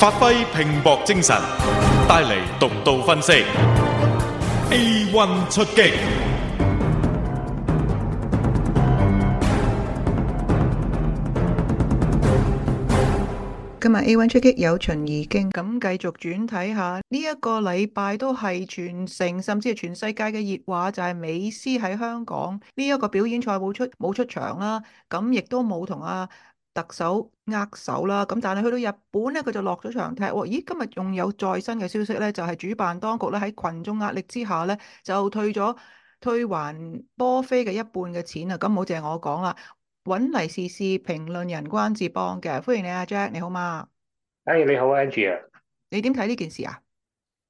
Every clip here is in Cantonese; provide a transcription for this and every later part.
發揮拼搏精神，帶嚟獨到分析。A one 出擊，今日 A one 出擊有秦而經，咁繼續轉睇下。呢、這、一個禮拜都係全城，甚至係全世界嘅熱話就係、是、美斯喺香港呢一、這個表演賽冇出冇出場啦，咁亦都冇同阿。特首握手啦，咁但係去到日本咧，佢就落咗場踢、哦、咦，今日仲有再新嘅消息咧，就係、是、主辦當局咧，喺群眾壓力之下咧，就退咗退還波飛嘅一半嘅錢啊！咁好謝我講啦，搵嚟時事評論人關智邦嘅，歡迎你阿、啊、Jack，你好嘛？誒，hey, 你好 Angela，你點睇呢件事啊？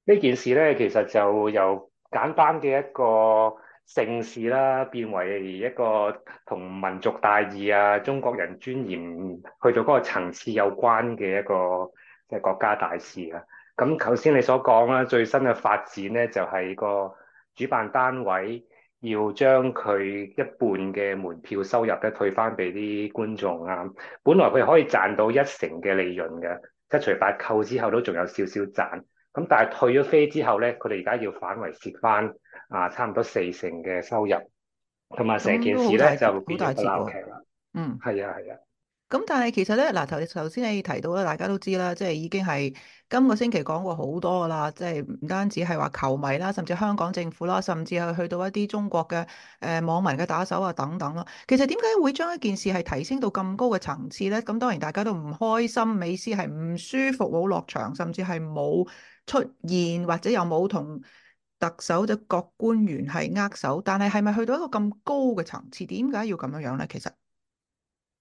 呢件事咧，其實就由簡單嘅一個。盛事啦，變為一個同民族大義啊、中國人尊嚴去到嗰個層次有關嘅一個即係國家大事啦。咁頭先你所講啦，最新嘅發展咧，就係個主辦單位要將佢一半嘅門票收入咧退翻俾啲觀眾啊。本來佢可以賺到一成嘅利潤嘅，七除八扣之後都仲有少少賺。咁但係退咗飛之後咧，佢哋而家要反為蝕返啊，差唔多四成嘅收入，同埋成件事咧就變咗鬧劇啦。嗯，係啊，係啊。咁但係其實咧，嗱頭頭先你提到啦，大家都知啦，即係已經係今個星期講過好多啦，即係唔單止係話球迷啦，甚至香港政府啦，甚至係去到一啲中國嘅誒、呃、網民嘅打手啊等等咯。其實點解會將一件事係提升到咁高嘅層次咧？咁當然大家都唔開心，美斯係唔舒服冇落場，甚至係冇出現或者又冇同特首嘅各官員係握手。但係係咪去到一個咁高嘅層次？點解要咁樣樣咧？其實？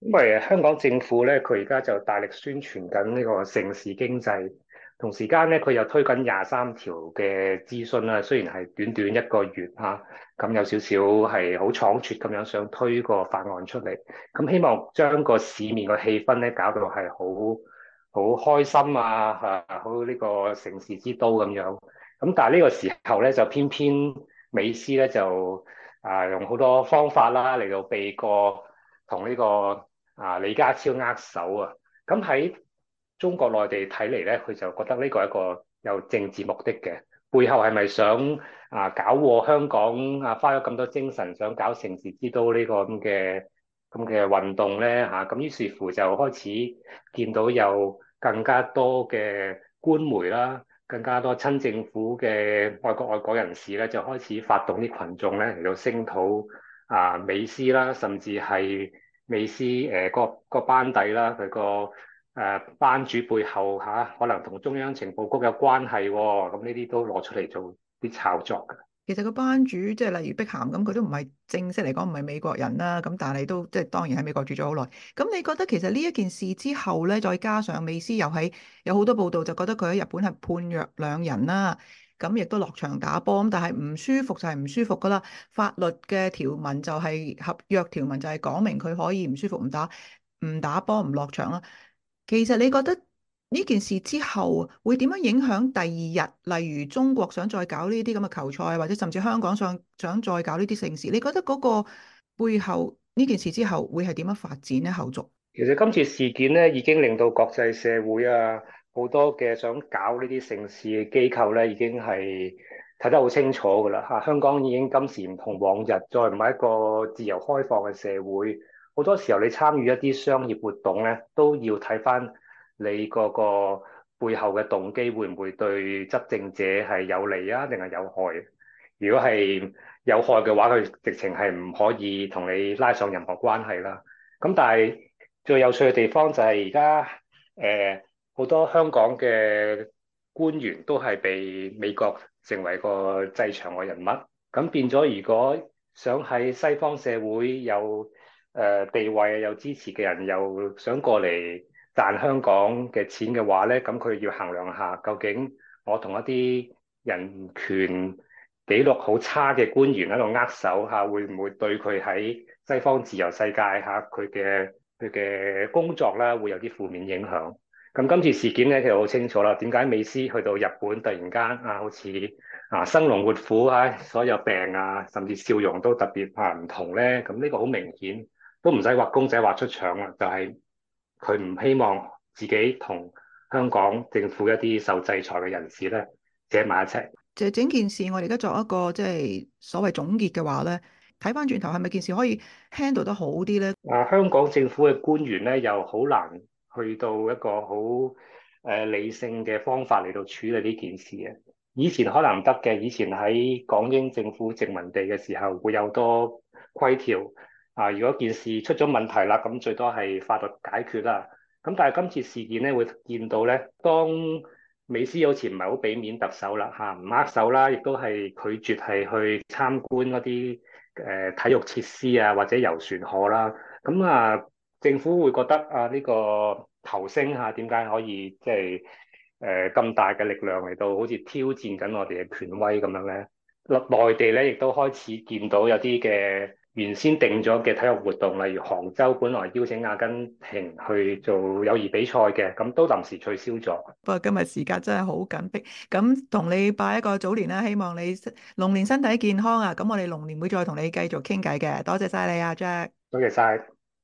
因為香港政府咧，佢而家就大力宣傳緊呢個城市經濟，同時間咧，佢又推緊廿三條嘅諮詢啦。雖然係短短一個月吓，咁、啊嗯、有少少係好倉促咁樣想推個法案出嚟，咁、嗯、希望將個市面嘅氣氛咧搞到係好好開心啊，吓好呢個城市之都咁樣。咁、嗯、但係呢個時候咧，就偏偏美斯咧就啊用好多方法啦嚟到避過同呢、這個。啊，李家超握手啊，咁喺中國內地睇嚟咧，佢就覺得呢個係一個有政治目的嘅，背後係咪想啊搞禍香港啊？花咗咁多精神想搞城市之都呢個咁嘅咁嘅運動咧嚇，咁、啊、於是乎就開始見到有更加多嘅官媒啦，更加多親政府嘅外國外國人士咧，就開始發動啲群眾咧嚟到聲討啊美斯啦，甚至係。美斯誒個個班底啦，佢個誒班主背後嚇，可能同中央情報局有關係喎，咁呢啲都攞出嚟做啲炒作㗎。其實個班主即係例如碧咸咁，佢都唔係正式嚟講唔係美國人啦，咁但係都即係當然喺美國住咗好耐。咁你覺得其實呢一件事之後咧，再加上美斯又係有好多報道，就覺得佢喺日本係判若兩人啦。咁亦都落場打波，咁但係唔舒服就係唔舒服㗎喇。法律嘅條文就係合約條文就係講明佢可以唔舒服唔打，唔打波唔落場啦。其實你覺得呢件事之後會點樣影響第二日？例如中國想再搞呢啲咁嘅球賽，或者甚至香港想想再搞呢啲盛事，你覺得嗰個背後呢件事之後會係點樣發展呢？後續其實今次事件呢，已經令到國際社會啊。好多嘅想搞呢啲城市嘅機構咧，已經係睇得好清楚㗎啦。吓、啊，香港已經今時唔同往日，再唔係一個自由開放嘅社會，好多時候你參與一啲商業活動咧，都要睇翻你嗰個,個背後嘅動機會唔會對執政者係有利啊，定係有害、啊？如果係有害嘅話，佢直情係唔可以同你拉上任何關係啦。咁但係最有趣嘅地方就係而家誒。呃好多香港嘅官員都係被美國成為個制裁嘅人物，咁變咗，如果想喺西方社會有誒地位有支持嘅人又想過嚟賺香港嘅錢嘅話咧，咁佢要衡量下究竟，我同一啲人權記錄好差嘅官員喺度握手下會唔會對佢喺西方自由世界嚇佢嘅佢嘅工作啦，會有啲負面影響？咁今次事件咧，其實好清楚啦。點解美斯去到日本突然間啊，好似啊生龍活虎啊，所有病啊，甚至笑容都特別啊唔同咧？咁、啊、呢、呢個好明顯，都唔使畫公仔畫出腸啦，就係佢唔希望自己同香港政府一啲受制裁嘅人士咧扯埋一齊。就整件事，我哋而家作一個即係、就是、所謂總結嘅話咧，睇翻轉頭係咪件事可以 handle 得好啲咧？啊，香港政府嘅官員咧，又好難。去到一個好誒理性嘅方法嚟到處理呢件事嘅。以前可能唔得嘅，以前喺港英政府殖民地嘅時候會有多規條啊。如果件事出咗問題啦，咁最多係法律解決啦。咁但係今次事件咧會見到咧，當美斯好似唔係好俾面特首啦嚇，唔、啊、握手啦，亦都係拒絕係去參觀嗰啲誒體育設施啊，或者遊船河啦。咁啊～政府會覺得啊，呢個球星吓，點解可以即係誒咁大嘅力量嚟到，好似挑戰緊我哋嘅權威咁樣咧？內地咧亦都開始見到有啲嘅原先定咗嘅體育活動，例如杭州本來邀請阿根廷去做友誼比賽嘅，咁都臨時取消咗。不過今日時間真係好緊迫，咁同你拜一個早年啦，希望你龍年身體健康啊！咁我哋龍年會再同你繼續傾偈嘅，多謝晒你啊，Jack。多謝晒。